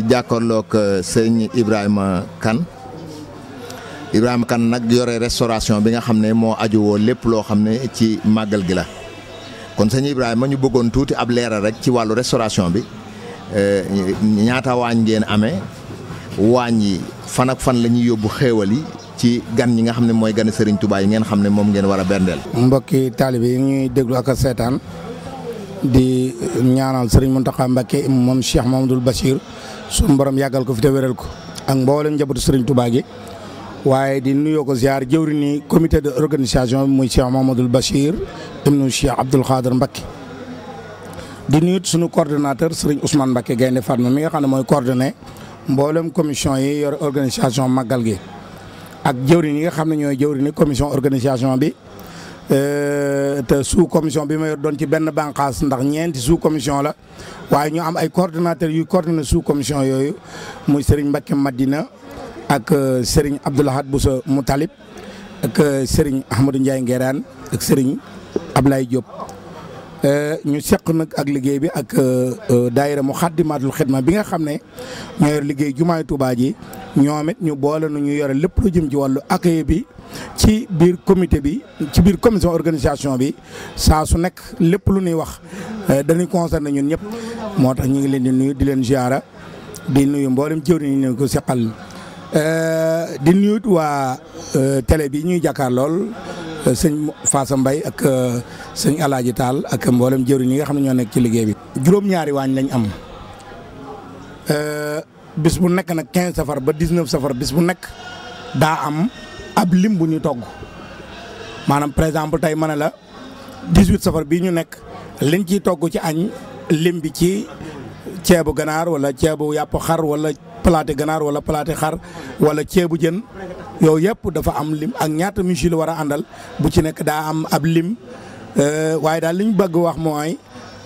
jàkkaarloog euh, sëñ Ibrahima Kane Ibrahima Kane nag yore restoration bi nga xam ne moo aju woo lépp loo xam ne ci màggal gi la kon sëñ Ibrahima ñu bëggoon tuuti ab leeral rek ci wàllu restoration bi euh, ñaata waañ ngeen amee waañ yi fan ak fan la ñuy yóbbu xéewal yi ci gan ñi nga xam ne mooy gan Serigne tubaay yi ngeen xam ne moom ngeen war a mbokki taalibe yi ñuy déglu ak seetaan. di ñaanal sëriñ Mountakha Mbacké moom Cheikh Mamadou Bachir su borom yàggal ko fi te wéral ko ak mboolem njabootu sëriñ Touba gi waaye di nuyoo ko ziar jëwri ni comité de organisation bi muy Cheikh Mamadou Bachir ibnu Cheikh Abdoul Khader Mbacké di nuyut sunu coordinateur sëriñ Ousmane Mbacké Gaynde Fatma mi nga xam ne mooy coordonné mboolem commission yi yor organisation màggal gi ak jëwri ñi nga xam ne ñooy jëwri ni commission organisation bi Euh, te sous commission bi ma yor doon ci benn bànqaas ndax ñeenti sous commission la waaye ñu am ay coordonnateurs yuy coordonné sous commission yooyu muy Serigne Mbacke Madina ak euh, Serigne Abdoulahad Boussa Moutalib ak euh, Serigne Ahmadou Ndiaye ngeraan ak Serigne Ablaye Diop. ñu seq nag ak liggéey bi ak daayira mu xàddimatul xidma bi nga xam ne ñoo yor liggéey jumaay Touba ji. ñoom it ñu boole nu ñu yore lépp lu jëm ci wàllu accueil bi ci biir comité bi ci biir commission organisation bi saa su nekk lépp lu ñuy wax eh, dañuy concerné ñun ñëpp moo tax ñu ngi leen di nuyu di leen ziara di nuyu mboolem jëwriñ ñu ko seqal eh, di nuyu waa eh, télé bi ñuy jàkkaar lool sëñ Faasa Mbay ak sëñ Alaaji Taal ak mboolem jëwriñ yi nga xam ne ñoo nekk ci liggéey bi. juróom-ñaari waañ lañ am. bis bu nekk nag quinze safar ba dix-neuf safar bis bu nekk daa am ab lim bu ñu togg maanaam par exemple tey ma ne la dix-huit safar bii ñu nekk liñ ciy togg ci añ lim bi ci ceebu ganaar wala ceebu yàpp xar wala palaate ganaar wala palaati xar wala ceebu jën yow yëpp dafa am lim ak ñaata miche war a àndal bu ci nekk daa am ab lim euh, waaye daal li ñu bëgg wax mooy.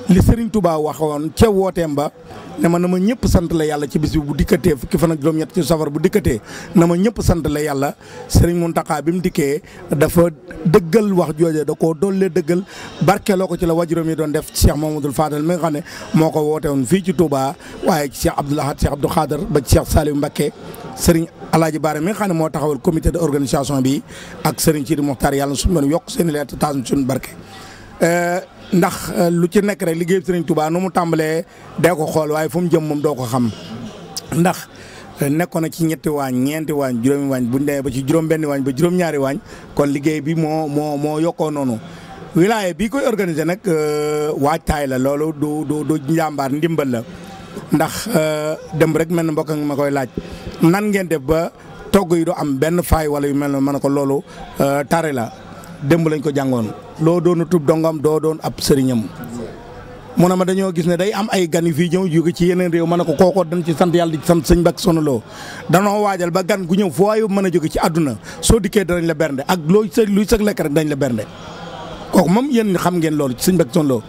li Serigne Touba waxoon ca wooteem ba ne ma na ma ñëpp sant la yàlla ci bis bi bu dikkatee fukki fan ak juróom-ñett ci safar bu dikkatee na ma ñëpp sant la yàlla Serigne Mountakha bi mu dikkee dafa dëggal wax jooje da koo dollee dëggal barkeeloo ko ci la wajuram yi doon def Cheikh Mamadou Fadal mi nga xam ne moo ko woote woon fii ci Touba waaye ci Cheikh Abdoul Ahad Cheikh Abdou Khader ba ci Cheikh Saliou Mbacké Serigne Alaaji Baare mi nga moo taxawal comité de organisation bi ak Serigne ci Mokhtar yàlla na suñu mën yokk seen i leer te taas ndax euh, lu ci nekk rek liggéey Serigne tubaa nu mu tàmbalee dee ko xool waaye fu mu jëm moom doo ko xam ndax euh, nekkoon ci ñetti waañ ñeenti waañ juróomi waañ buñ demee ba ci juróom-benni waañ ba juróom-ñaari waañ kon liggéey bi moo moo moo yokkoo noonu. wilaya bii koy organisé nag euh, waajtaay la loolu du du njàmbaar ndimbal la ndax dëmb rek mel na mbokk ma koy laaj nan ngeen def ba togg yi du am benn faay wala yu mel ne man ne ko loolu tare la. demb lañ ko jàngoon loo doon tub dongam doo doon ab sëriñam mu ne ma dañoo gis ne day am ay gan yu fii ñëw jóge ci yeneen réew ma ne ko kookoo dañ ci sant yàlla di sant sëñ Mbàkke Soxna Lo danoo waajal ba gan ku ñëw foo waayu mën a jóge ci àdduna soo dikkee danañ la bernde ak looy sa luy sëg lekk rek dañ la bernde kooku moom yenn xam ngeen loolu ci sëñ Mbàkke Soxna Lo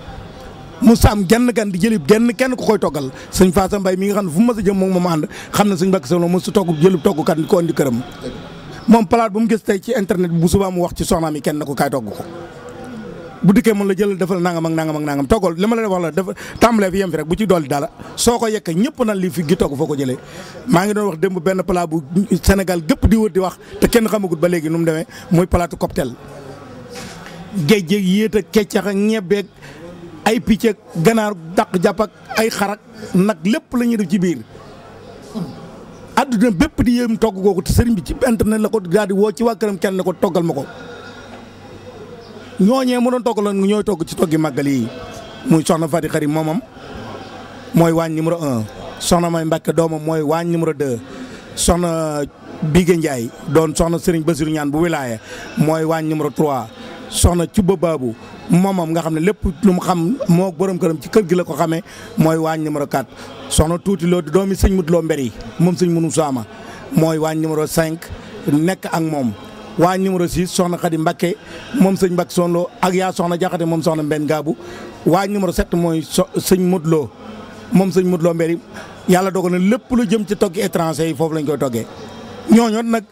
Moussa am genn gan di jëlib genn kenn ku koy toggal sëñ Faasa Mbay mi nga xam ne fu mu mës a jëm moom moom ànd xam ne sëñ Mbàkke Soxna Lo mos su togg jëlib toggkat ko indi këram moom palaat bu mu gis tey ci internet bu subaa mu wax ci soxnaam yi kenn na ko kaay togg ko bu dikkee mën la jëlal defal nangam ak nangam ak nangam toggal li ma la wax la dafa tàmbalee fi yem fi rek bu ci dolli dara soo ko yekkee ñëpp na li fi gi togg foo ko jëlee maa ngi doon wax démb benn palaat bu senegal gépp di wër di wax te kenn xamagut ba léegi nu mu demee muy palaatu cocktail géej yéet ak keccax ak ay picc ak ganaar dàq jàpp ak ay xarak nag lépp la ñuy def ci biir àdduna bépp di yéem togg googu te sëriñ bi ci internet la ko daal woo ci waa këram kenn ne ko toggal ma ko ñooñee mu doon toggaloon ñooy togg ci toggi màggal yi mu soxna Fati Xari moomam mooy waañ numéro un soxna May Mbàkke doomam mooy waañ numéro deux soxna Bigé Ndiaye doon soxna Serigne Basirou Ñaan bu wilaaya mooy waañ numéro trois soxna ci babaabu moomam nga xam ne lépp lu mu xam moo borom këram ci kër gi la ko xamee mooy waañ numéro 4. soxna tuuti loo doomi sëñ mut loo mber yi moom sëñ munu saama mooy waañ numéro 5 nekk ak moom. waañ numéro 6 soxna Khady Mbakke moom sëñ Mbakke sonloo ak yaa soxna Jaxate moom soxna Mbenn Gaabu waañ numéro 7 mooy so sëñ mut loo moom sëñ mut loo mber yi yàlla dogal na lépp lu jëm ci togg étranger yi foofu lañ koy toggee ñooñu nag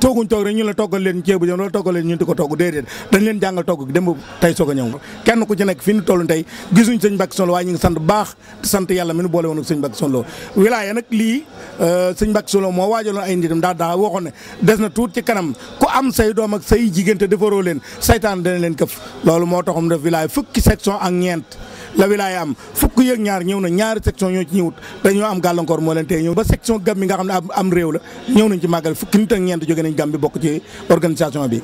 tooguñ toog rek ñu la toggal leen ceebu jën wala toggal leen ñu di ko togg déedéet dañ leen jàngal togg gi démb tey soog a ñëw kenn ku ci nekk fi ñu toll tey gisuñ sëñ Mbàkke Soxna waaye ñu ngi sant baax sant yàlla mi nu boole woon ak sëñ Mbàkke Soxna wilaaya nag lii euh, sëñ Mbàkke Soxna moo waajaloon ay nditam daa daa waxoon ne des na tuut ci kanam ku am say doom ak say jigéen te defaroo leen saytaan dana leen këf loolu moo taxam def wilaaya fukki section ak ñeent la wilaaya am fukk yeeg ñaar ñëw na ñaar section ñoo ci ñëwut dañoo am gàllankoor moo leen tey ñëw ba section Gàmbi nga xam ne am réew la ñëw nañ ci màggal fukk nit ak ñeent jóge nañ Gàmbi bokk ci organisation bi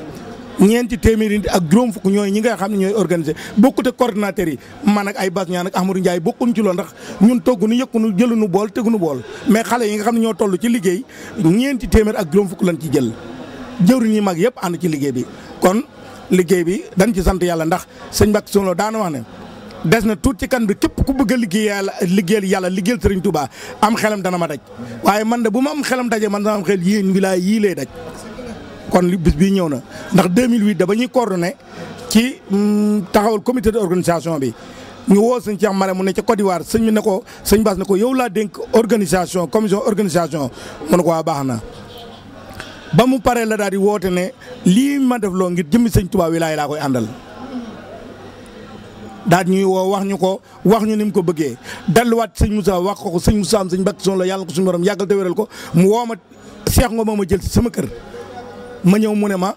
ñeenti téeméeri ak juróom fukk ñooy ñi nga xam ne ñooy organisé bokkute coordinateur yi man ak ay bas ñaan ak Amadou Ndiaye bokkuñ ci loolu ndax ñun toggunu yëkkunu jëlunu bool tegunu bool mais xale yi nga xam ne ñoo toll ci liggéey ñeenti téeméer ak juróom fukk lañ ci jël jëwri ñi mag yëpp ànd ci liggéey kon liggéey bi dañ ci sant yàlla ndax sëñ Mbàkke Soxna daana wax ne des na tuut ci kan bi képp ku bëgg a liggéeyal liggéeyal yàlla liggéeyal sëriñ Touba am xelam dana ma daj waaye man de bu ma am xelam dajee man dana am xel yéen wilaay yii lay daj kon li bis bii ñëw na ndax 2008 da ba ñuy coordonné ci mm, taxawal comité organisation bi ñu woo sëñ Cheikh Mara mu ne ci Côte d'Ivoire sëñ bi ne ko sëñ Bass ne ko yow laa dénk organisation commission organisation mu ne ko waa baax na ba mu paree la daal di woote ne lii ma def loo ngir jëmmi sëñ Touba wilaay laa koy àndal daal ñuy woo wax ñu ko wax ñu ni ko bëggee delluwaat sëñ Moussa wax ko ko sëñ Moussa am sëñ Mbàkke Soxna la yàlla ko suñu borom yàggal te ko mu woo ma Cheikh nga moo ma jël si sama kër ma ñëw mu ne ma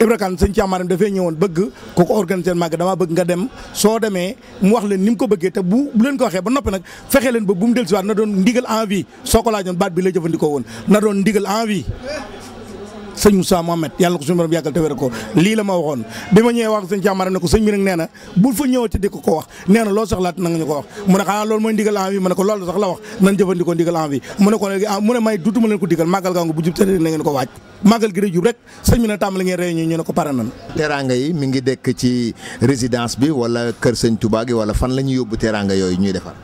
Ibra Kane sëñ Thiamaram dafay ñëwoon bëgg ko ko organiser màgg damaa bëgg nga dem soo demee mu wax leen ni mu ko bëggee te bu bu leen ko waxee ba noppi nag fexe leen ba bu mu dellusiwaat na doon ndigal envi soo ko laajoon baat bi la jëfandikoo woon na doon ndigal envie sëñ Moussa Mohamed yàlla ko suñu borom yàggal te wér ko lii la ma waxoon bi ma ñëwee wax sëñ Camara ne ko sëñ bi nag nee na bul di ko wax nee na loo soxlaat na nga ñu ko wax mu ne ko ah, loolu sax la may dutuma leen ko digal màggal gaa nga bu jub te na ngeen ko waaj màggal gi jub rek sëñ bi ne tàmbali ngeen réunion ñu ne ko pare nan teraanga yi mi ngi dekk ci résidence bi wala kër sëñ Touba gi wala fan la ñuy yóbbu teraanga yooyu ñuy defar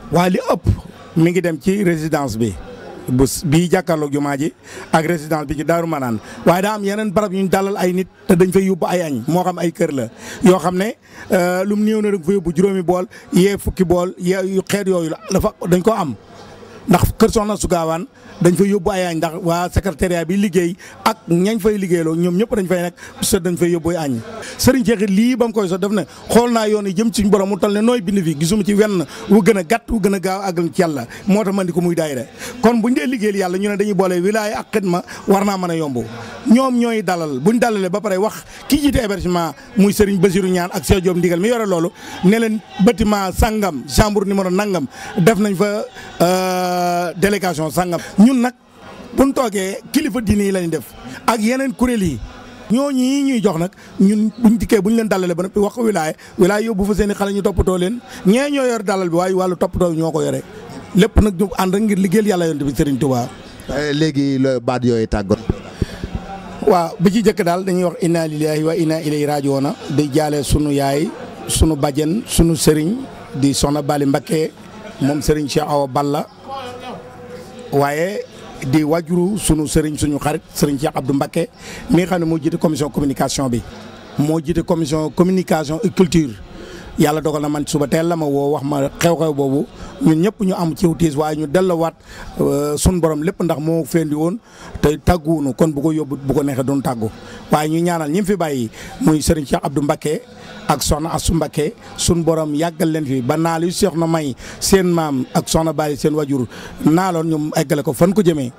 mi ngi dem ci résidence bi bu bii jàkkaarloog jumaa ji ak résidence bi ci Daaru Manaan waaye daa am yeneen barab yu ñu dalal ay nit te dañ fay yóbbu ay añ moo xam ay kër la yoo xam ne euh, lu mu néew na da nga fa juróomi bool yee fukki bool yee xeet yooyu la dafa dañ ko am. ndax kër soxna su gaawaan dañ fay yóbbu ay añ ndax waa secrétariat bi liggéey ak ñañ fay liggéeyloo ñoom ñëpp dañ fay nekk sa dañ fay yóbbu añ sëriñ Cheikh lii ba mu koy so def ne xool naa yoon yi jëm ci borom mu tal ne nooy bind fi gisuma ci wenn wu gën a gàtt wu gën a gaaw ak yàlla moo tax man di ko muy daayira kon buñ dee liggéeyal yàlla ñu ne dañuy boole wilaaya ak xidma war naa mën a yomb ñoom ñooy dalal bu ñu dalalee ba pare wax ki jiite hébergement muy sëriñ Basiru ñaan ak Cheikh Diop ndigal mi yore loolu ne leen bâtiment sangam chambre numéro nangam def nañ fa euh, délégation sàngam ñun nag bu ñu toogee kilifa diine yi lañ def ak yeneen kuréel yi ñooñu ñuy jox nag ñun buñ dikkee buñ leen dalalee ba noppi wax ko wilaay wilaay yóbbu fa seen i xale ñu toppatoo leen ñee ñoo yor dalal bi waaye wàllu toppatoo bi ñoo ko yore lépp nag ñu ànd ngir liggéeyal yàlla yonent bi Serigne Touba. Eh, léegi baat yooyu tàggat. waa bi ci jëkk daal dañuy wax inna lillahi wa inna ilayhi raaji'uun di jaale sunu yaay sunu bajen sunu Serigne di soxna Bali Mbakke moom Serigne Cheikh Awa Balla. waaye di wajuru sunu sëriñ suñu xarit sëriñ Cheikh Abdou Mbacké mi xam ne moo jiite commission communication bi moo jiite commission communication et culture yàlla dogal na man suba teel la ma woo wax ma xew-xew boobu ñun ñëpp ñu am ci tiis waaye ñu delluwaat euh, sun borom lépp ndax moo fendi woon te tàgguwunu kon bu ko yóbbu bu ko neexee doon tàggu waaye ñu ñaanal ñi fi bàyyi muy sëriñ Cheikh Abdou Mbacké ak soxna su mbakkee sun borom yàggal leen fi ba naal yu seex na may seen maam ak soxna Baali seen wajur naa loon ñoom eggale ko fan ko jëmee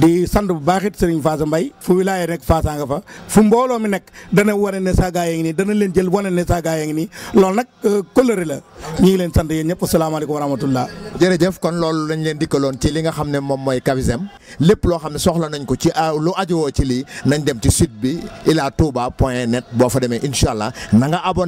di sand bu baax it Serigne Faasa Mbay fu wilaaye nekk Faasa nga fa fu mbooloo mi nekk dana wane ne saa gaa yi ngi nii dana leen jël wane ne saa gaa yi ngi nii loolu nag euh, kóllëre la ñu ngi leen sand yéen ñëpp asalaamaaleykum wa rahmatullah jërëjëf kon loolu lañ leen dikkaloon ci li nga xam ne moom mooy Kafisem lépp loo xam ne soxla nañ ko ci euh, lu ajowoo ci lii nañ dem ci site bi ila touba point net boo fa demee incha allah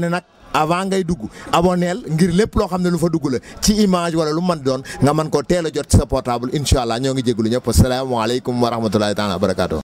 ne nag avant ngay dugg abonneel ngir lépp loo xam ne lu fa dugg la ci image wala lu man doon nga mën koo teel a jot ci sa portable incha allah ñoo ngi jégalu ñëpp asalaamaaleykum wa rahmatulahi taala wa barakaatu.